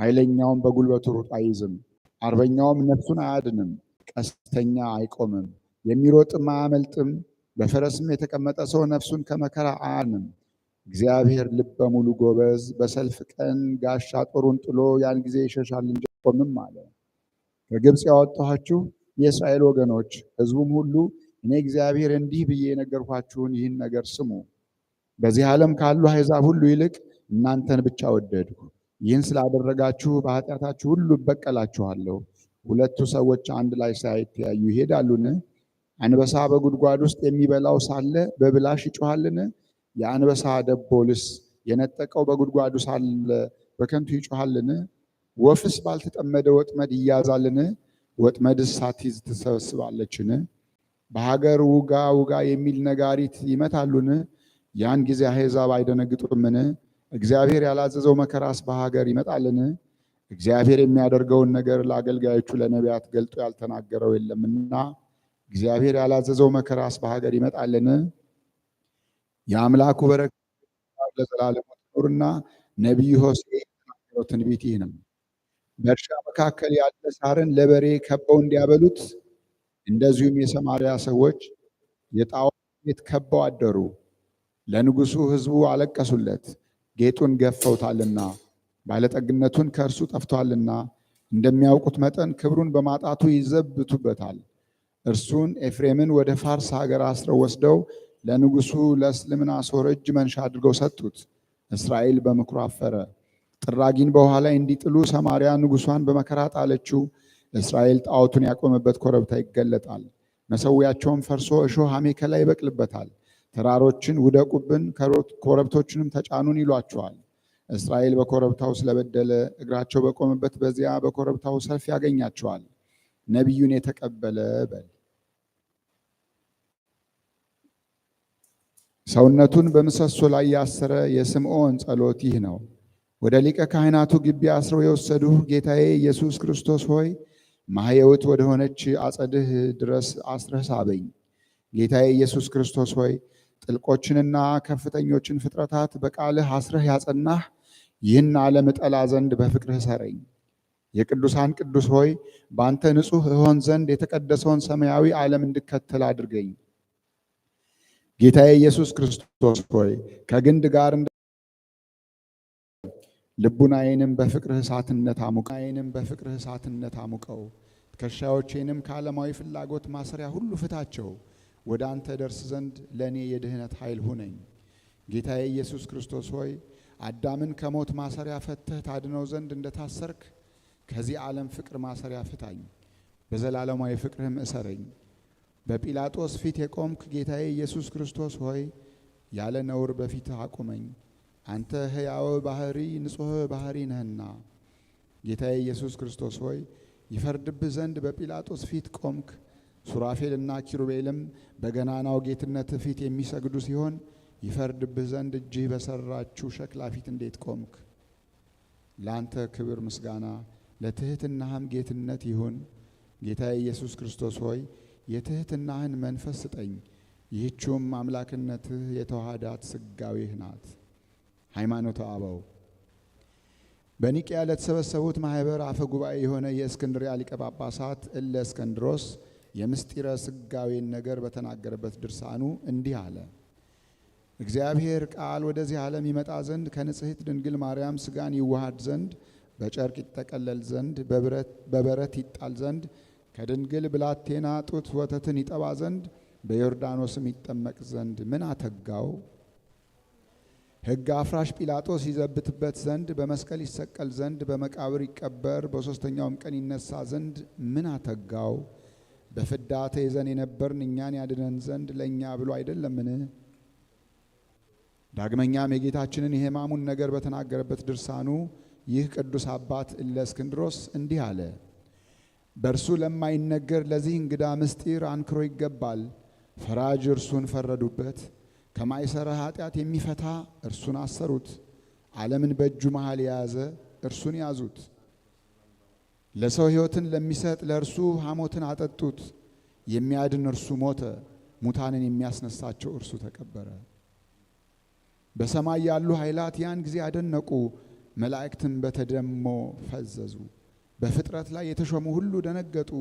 ኃይለኛውም በጉልበቱ ሩጥ አይዝም፣ አርበኛውም ነፍሱን አያድንም፣ ቀስተኛ አይቆምም፣ የሚሮጥም አያመልጥም፣ በፈረስም የተቀመጠ ሰው ነፍሱን ከመከራ አያድንም። እግዚአብሔር ልበ ሙሉ ጎበዝ በሰልፍ ቀን ጋሻ ጦሩን ጥሎ ያን ጊዜ ይሸሻል እንጂ አይቆምም አለ። ከግብፅ ያወጣኋችሁ የእስራኤል ወገኖች ሕዝቡም ሁሉ እኔ እግዚአብሔር እንዲህ ብዬ የነገርኳችሁን ይህን ነገር ስሙ። በዚህ ዓለም ካሉ አሕዛብ ሁሉ ይልቅ እናንተን ብቻ ወደድኩ። ይህን ስላደረጋችሁ በኃጢአታችሁ ሁሉ እበቀላችኋለሁ። ሁለቱ ሰዎች አንድ ላይ ሳይተያዩ ይሄዳሉን? አንበሳ በጉድጓድ ውስጥ የሚበላው ሳለ በብላሽ ይጮሃልን? የአንበሳ ደቦልስ የነጠቀው በጉድጓዱ ሳለ በከንቱ ይጮሃልን? ወፍስ ባልተጠመደ ወጥመድ ይያዛልን? ወጥመድስ ሳትይዝ ትሰበስባለችን? በሀገር ውጋ ውጋ የሚል ነጋሪት ይመታሉን? ያን ጊዜ አሕዛብ አይደነግጡምን? እግዚአብሔር ያላዘዘው መከራስ በሀገር ይመጣልን? እግዚአብሔር የሚያደርገውን ነገር ለአገልጋዮቹ ለነቢያት ገልጦ ያልተናገረው የለምና እግዚአብሔር ያላዘዘው መከራስ በሀገር ይመጣልን? የአምላኩ በረከት ለዘላለም ትኖርና ነቢዩ ሆሴዕ የተናገረው ትንቢት ይህ ነው። በእርሻ መካከል ያለ ሳርን ለበሬ ከበው እንዲያበሉት እንደዚሁም የሰማሪያ ሰዎች የጣዖት ቤት ከበው አደሩ። ለንጉሱ ህዝቡ አለቀሱለት። ጌጡን ገፈውታልና ባለጠግነቱን ከእርሱ ጠፍቷልና እንደሚያውቁት መጠን ክብሩን በማጣቱ ይዘብቱበታል። እርሱን ኤፍሬምን ወደ ፋርስ ሀገር አስረው ወስደው ለንጉሱ ለእስልምና ሶር እጅ መንሻ አድርገው ሰጡት። እስራኤል በምክሩ አፈረ። ጥራጊን በውሃ ላይ እንዲጥሉ ሰማርያ ንጉሷን በመከራ ጣለችው። እስራኤል ጣዖቱን ያቆመበት ኮረብታ ይገለጣል። መሰዊያቸውም ፈርሶ እሾህ አሜከላ ይበቅልበታል። ተራሮችን ውደቁብን፣ ኮረብቶችንም ተጫኑን ይሏቸዋል። እስራኤል በኮረብታው ስለበደለ እግራቸው በቆመበት በዚያ በኮረብታው ሰልፍ ያገኛቸዋል። ነቢዩን የተቀበለ በል ሰውነቱን በምሰሶ ላይ ያሰረ የስምዖን ጸሎት ይህ ነው። ወደ ሊቀ ካህናቱ ግቢ አስረው የወሰዱህ ጌታዬ ኢየሱስ ክርስቶስ ሆይ ማህየውት ወደሆነች አጸድህ ድረስ አስረህ ሳበኝ። ጌታዬ ኢየሱስ ክርስቶስ ሆይ ጥልቆችንና ከፍተኞችን ፍጥረታት በቃልህ አስረህ ያጸናህ ይህን ዓለም እጠላ ዘንድ በፍቅርህ ሰረኝ። የቅዱሳን ቅዱስ ሆይ በአንተ ንጹሕ እሆን ዘንድ የተቀደሰውን ሰማያዊ ዓለም እንድከተል አድርገኝ። ጌታዬ ኢየሱስ ክርስቶስ ሆይ ከግንድ ጋር ልቡናዬንም በፍቅርህ እሳትነት አሙቀው በፍቅርህ እሳትነት አሙቀው ትከሻዎቼንም ከዓለማዊ ፍላጎት ማሰሪያ ሁሉ ፍታቸው። ወደ አንተ ደርስ ዘንድ ለእኔ የድህነት ኃይል ሁነኝ። ጌታዬ ኢየሱስ ክርስቶስ ሆይ አዳምን ከሞት ማሰሪያ ፈተህ ታድነው ዘንድ እንደታሰርክ ከዚህ ዓለም ፍቅር ማሰሪያ ፍታኝ፣ በዘላለማዊ ፍቅርህም እሰረኝ። በጲላጦስ ፊት የቆምክ ጌታዬ ኢየሱስ ክርስቶስ ሆይ ያለ ነውር በፊትህ አቁመኝ። አንተ ሕያው ባህሪ ንጹሕ ባህሪ ነህና። ጌታዬ ኢየሱስ ክርስቶስ ሆይ ይፈርድብህ ዘንድ በጲላጦስ ፊት ቆምክ። ሱራፌልና ኪሩቤልም በገናናው ጌትነት ፊት የሚሰግዱ ሲሆን ይፈርድብህ ዘንድ እጅህ በሰራችው ሸክላ ፊት እንዴት ቆምክ? ለአንተ ክብር ምስጋና ለትህትናህም ጌትነት ይሁን። ጌታ ኢየሱስ ክርስቶስ ሆይ የትህትናህን መንፈስ ስጠኝ። ይህችውም አምላክነትህ የተዋሃዳት ስጋዊህ ናት። ሃይማኖተ አበው በኒቅያ ለተሰበሰቡት ማኅበር አፈ ጉባኤ የሆነ የእስክንድርያ ሊቀ ጳጳሳት እለ እስከንድሮስ የምስጢረ ስጋዌን ነገር በተናገረበት ድርሳኑ እንዲህ አለ። እግዚአብሔር ቃል ወደዚህ ዓለም ይመጣ ዘንድ ከንጽሕት ድንግል ማርያም ስጋን ይዋሃድ ዘንድ በጨርቅ ይጠቀለል ዘንድ በበረት ይጣል ዘንድ ከድንግል ብላቴና ጡት ወተትን ይጠባ ዘንድ በዮርዳኖስም ይጠመቅ ዘንድ ምን አተጋው? ሕግ አፍራሽ ጲላጦስ ይዘብትበት ዘንድ በመስቀል ይሰቀል ዘንድ በመቃብር ይቀበር በሦስተኛውም ቀን ይነሳ ዘንድ ምን አተጋው? በፍዳ ተይዘን የነበርን እኛን ያድነን ዘንድ ለእኛ ብሎ አይደለምን? ዳግመኛም የጌታችንን የሕማሙን ነገር በተናገረበት ድርሳኑ ይህ ቅዱስ አባት እለእስክንድሮስ እንዲህ አለ። በእርሱ ለማይነገር ለዚህ እንግዳ ምስጢር አንክሮ ይገባል። ፈራጅ እርሱን ፈረዱበት። ከማይሰራ ኃጢአት የሚፈታ እርሱን አሰሩት። ዓለምን በእጁ መሃል የያዘ እርሱን ያዙት። ለሰው ሕይወትን ለሚሰጥ ለእርሱ ሐሞትን አጠጡት። የሚያድን እርሱ ሞተ፣ ሙታንን የሚያስነሳቸው እርሱ ተቀበረ። በሰማይ ያሉ ኃይላት ያን ጊዜ አደነቁ፣ መላእክትም በተደሞ ፈዘዙ። በፍጥረት ላይ የተሾሙ ሁሉ ደነገጡ፣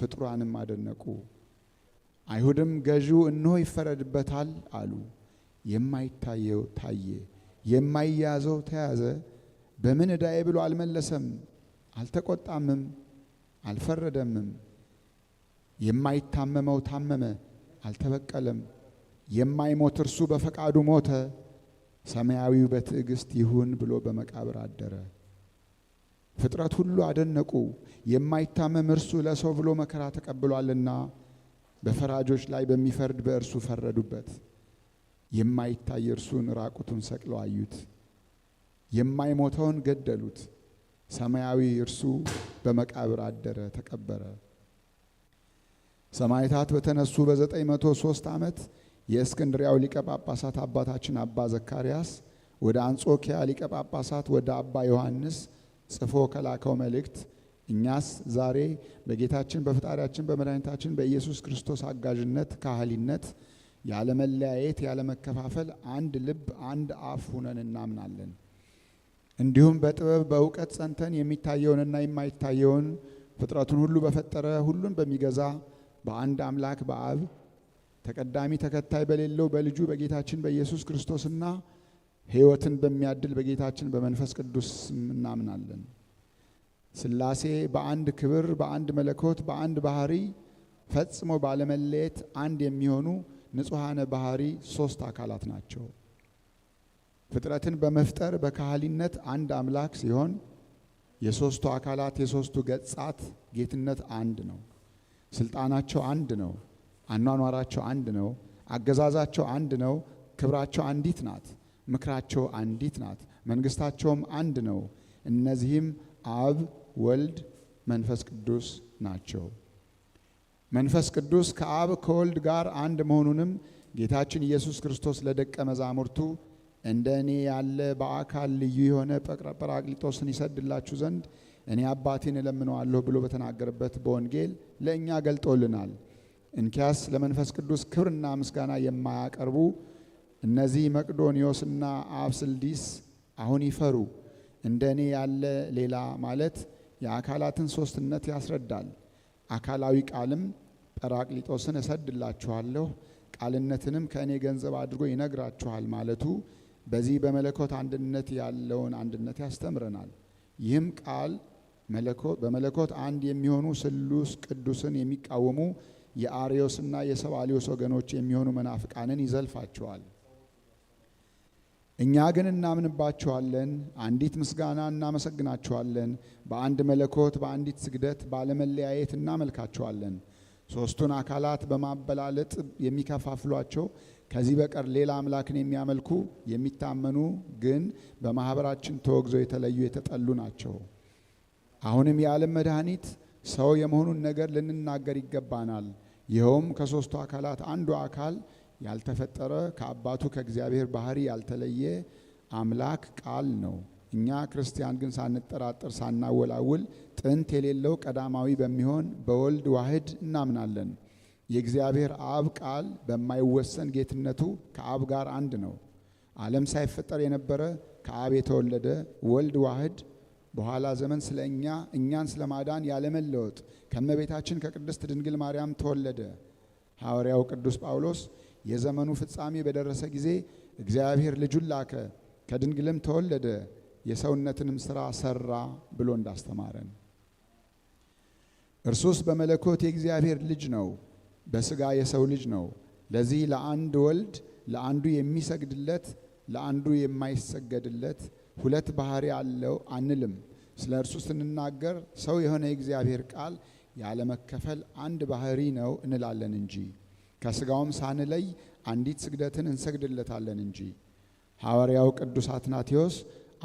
ፍጡራንም አደነቁ። አይሁድም ገዢው እነሆ ይፈረድበታል አሉ። የማይታየው ታየ፣ የማይያዘው ተያዘ፣ በምን ዕዳዬ ብሎ አልመለሰም አልተቆጣምም፣ አልፈረደምም። የማይታመመው ታመመ፣ አልተበቀለም። የማይሞት እርሱ በፈቃዱ ሞተ፣ ሰማያዊው በትዕግስት ይሁን ብሎ በመቃብር አደረ። ፍጥረት ሁሉ አደነቁ፣ የማይታመም እርሱ ለሰው ብሎ መከራ ተቀብሏልና በፈራጆች ላይ በሚፈርድ በእርሱ ፈረዱበት። የማይታይ እርሱን ራቁቱን ሰቅለው አዩት። የማይሞተውን ገደሉት። ሰማያዊ እርሱ በመቃብር አደረ፣ ተቀበረ። ሰማዕታት በተነሱ በ903 ዓመት የእስክንድሪያው ሊቀ ጳጳሳት አባታችን አባ ዘካርያስ ወደ አንጾኪያ ሊቀ ጳጳሳት ወደ አባ ዮሐንስ ጽፎ ከላከው መልእክት እኛስ ዛሬ በጌታችን በፈጣሪያችን በመድኃኒታችን በኢየሱስ ክርስቶስ አጋዥነት ካህሊነት ያለመለያየት ያለመከፋፈል አንድ ልብ አንድ አፍ ሁነን እናምናለን። እንዲሁም በጥበብ በእውቀት ጸንተን የሚታየውንና የማይታየውን ፍጥረቱን ሁሉ በፈጠረ ሁሉን በሚገዛ በአንድ አምላክ በአብ ተቀዳሚ ተከታይ በሌለው በልጁ በጌታችን በኢየሱስ ክርስቶስና ሕይወትን በሚያድል በጌታችን በመንፈስ ቅዱስ እናምናለን። ሥላሴ በአንድ ክብር፣ በአንድ መለኮት፣ በአንድ ባህሪ ፈጽሞ ባለመለየት አንድ የሚሆኑ ንጹሐነ ባህሪ ሶስት አካላት ናቸው። ፍጥረትን በመፍጠር በካህሊነት አንድ አምላክ ሲሆን የሶስቱ አካላት የሶስቱ ገጻት ጌትነት አንድ ነው። ስልጣናቸው አንድ ነው። አኗኗራቸው አንድ ነው። አገዛዛቸው አንድ ነው። ክብራቸው አንዲት ናት። ምክራቸው አንዲት ናት። መንግስታቸውም አንድ ነው። እነዚህም አብ፣ ወልድ፣ መንፈስ ቅዱስ ናቸው። መንፈስ ቅዱስ ከአብ ከወልድ ጋር አንድ መሆኑንም ጌታችን ኢየሱስ ክርስቶስ ለደቀ መዛሙርቱ እንደ እኔ ያለ በአካል ልዩ የሆነ ጰራቅሊጦስን ይሰድላችሁ ዘንድ እኔ አባቴን እለምነዋለሁ ብሎ በተናገረበት በወንጌል ለእኛ ገልጦልናል። እንኪያስ ለመንፈስ ቅዱስ ክብርና ምስጋና የማያቀርቡ እነዚህ መቅዶኒዮስና አብስልዲስ አሁን ይፈሩ። እንደ እኔ ያለ ሌላ ማለት የአካላትን ሶስትነት ያስረዳል። አካላዊ ቃልም ጰራቅሊጦስን እሰድላችኋለሁ፣ ቃልነትንም ከእኔ ገንዘብ አድርጎ ይነግራችኋል ማለቱ በዚህ በመለኮት አንድነት ያለውን አንድነት ያስተምረናል። ይህም ቃል በመለኮት አንድ የሚሆኑ ስሉስ ቅዱስን የሚቃወሙ የአሪዮስና የሰብአሊዮስ ወገኖች የሚሆኑ መናፍቃንን ይዘልፋቸዋል። እኛ ግን እናምንባቸዋለን፣ አንዲት ምስጋና እናመሰግናቸዋለን፣ በአንድ መለኮት በአንዲት ስግደት ባለመለያየት እናመልካቸዋለን። ሦስቱን አካላት በማበላለጥ የሚከፋፍሏቸው ከዚህ በቀር ሌላ አምላክን የሚያመልኩ የሚታመኑ ግን በማህበራችን ተወግዘው የተለዩ የተጠሉ ናቸው። አሁንም የዓለም መድኃኒት ሰው የመሆኑን ነገር ልንናገር ይገባናል። ይኸውም ከሦስቱ አካላት አንዱ አካል ያልተፈጠረ ከአባቱ ከእግዚአብሔር ባህሪ ያልተለየ አምላክ ቃል ነው። እኛ ክርስቲያን ግን ሳንጠራጠር ሳናወላውል ጥንት የሌለው ቀዳማዊ በሚሆን በወልድ ዋህድ እናምናለን። የእግዚአብሔር አብ ቃል በማይወሰን ጌትነቱ ከአብ ጋር አንድ ነው። ዓለም ሳይፈጠር የነበረ ከአብ የተወለደ ወልድ ዋህድ በኋላ ዘመን ስለ እኛ እኛን ስለ ማዳን ያለመለወጥ ከመቤታችን ከቅድስት ድንግል ማርያም ተወለደ። ሐዋርያው ቅዱስ ጳውሎስ የዘመኑ ፍጻሜ በደረሰ ጊዜ እግዚአብሔር ልጁን ላከ፣ ከድንግልም ተወለደ፣ የሰውነትንም ሥራ ሰራ ብሎ እንዳስተማረን እርሱስ በመለኮት የእግዚአብሔር ልጅ ነው። በስጋ የሰው ልጅ ነው። ለዚህ ለአንድ ወልድ ለአንዱ የሚሰግድለት ለአንዱ የማይሰገድለት ሁለት ባህሪ አለው አንልም። ስለ እርሱ ስንናገር ሰው የሆነ የእግዚአብሔር ቃል ያለመከፈል አንድ ባህሪ ነው እንላለን እንጂ ከስጋውም ሳንለይ አንዲት ስግደትን እንሰግድለታለን እንጂ። ሐዋርያው ቅዱስ አትናቴዎስ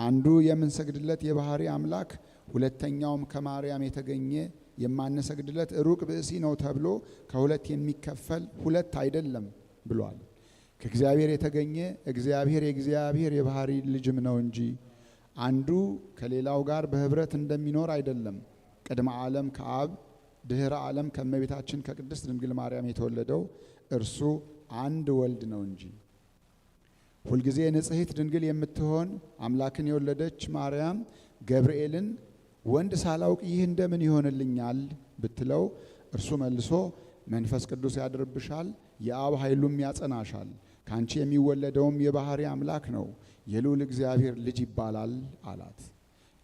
አንዱ የምንሰግድለት የባህሪ አምላክ ሁለተኛውም ከማርያም የተገኘ የማነሰግድለት ሩቅ ብእሲ ነው ተብሎ ከሁለት የሚከፈል ሁለት አይደለም ብሏል። ከእግዚአብሔር የተገኘ እግዚአብሔር የእግዚአብሔር የባህሪ ልጅም ነው እንጂ አንዱ ከሌላው ጋር በህብረት እንደሚኖር አይደለም። ቅድመ ዓለም ከአብ ድኅረ ዓለም ከእመቤታችን ከቅድስት ድንግል ማርያም የተወለደው እርሱ አንድ ወልድ ነው እንጂ ሁልጊዜ ንጽሕት ድንግል የምትሆን አምላክን የወለደች ማርያም ገብርኤልን ወንድ ሳላውቅ ይህ እንደምን ይሆንልኛል ብትለው እርሱ መልሶ መንፈስ ቅዱስ ያድርብሻል፣ የአብ ኃይሉም ያጸናሻል፣ ከአንቺ የሚወለደውም የባህሪ አምላክ ነው፣ የልዑል እግዚአብሔር ልጅ ይባላል አላት።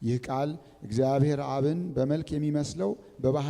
ይህ ቃል እግዚአብሔር አብን በመልክ የሚመስለው በባህሪ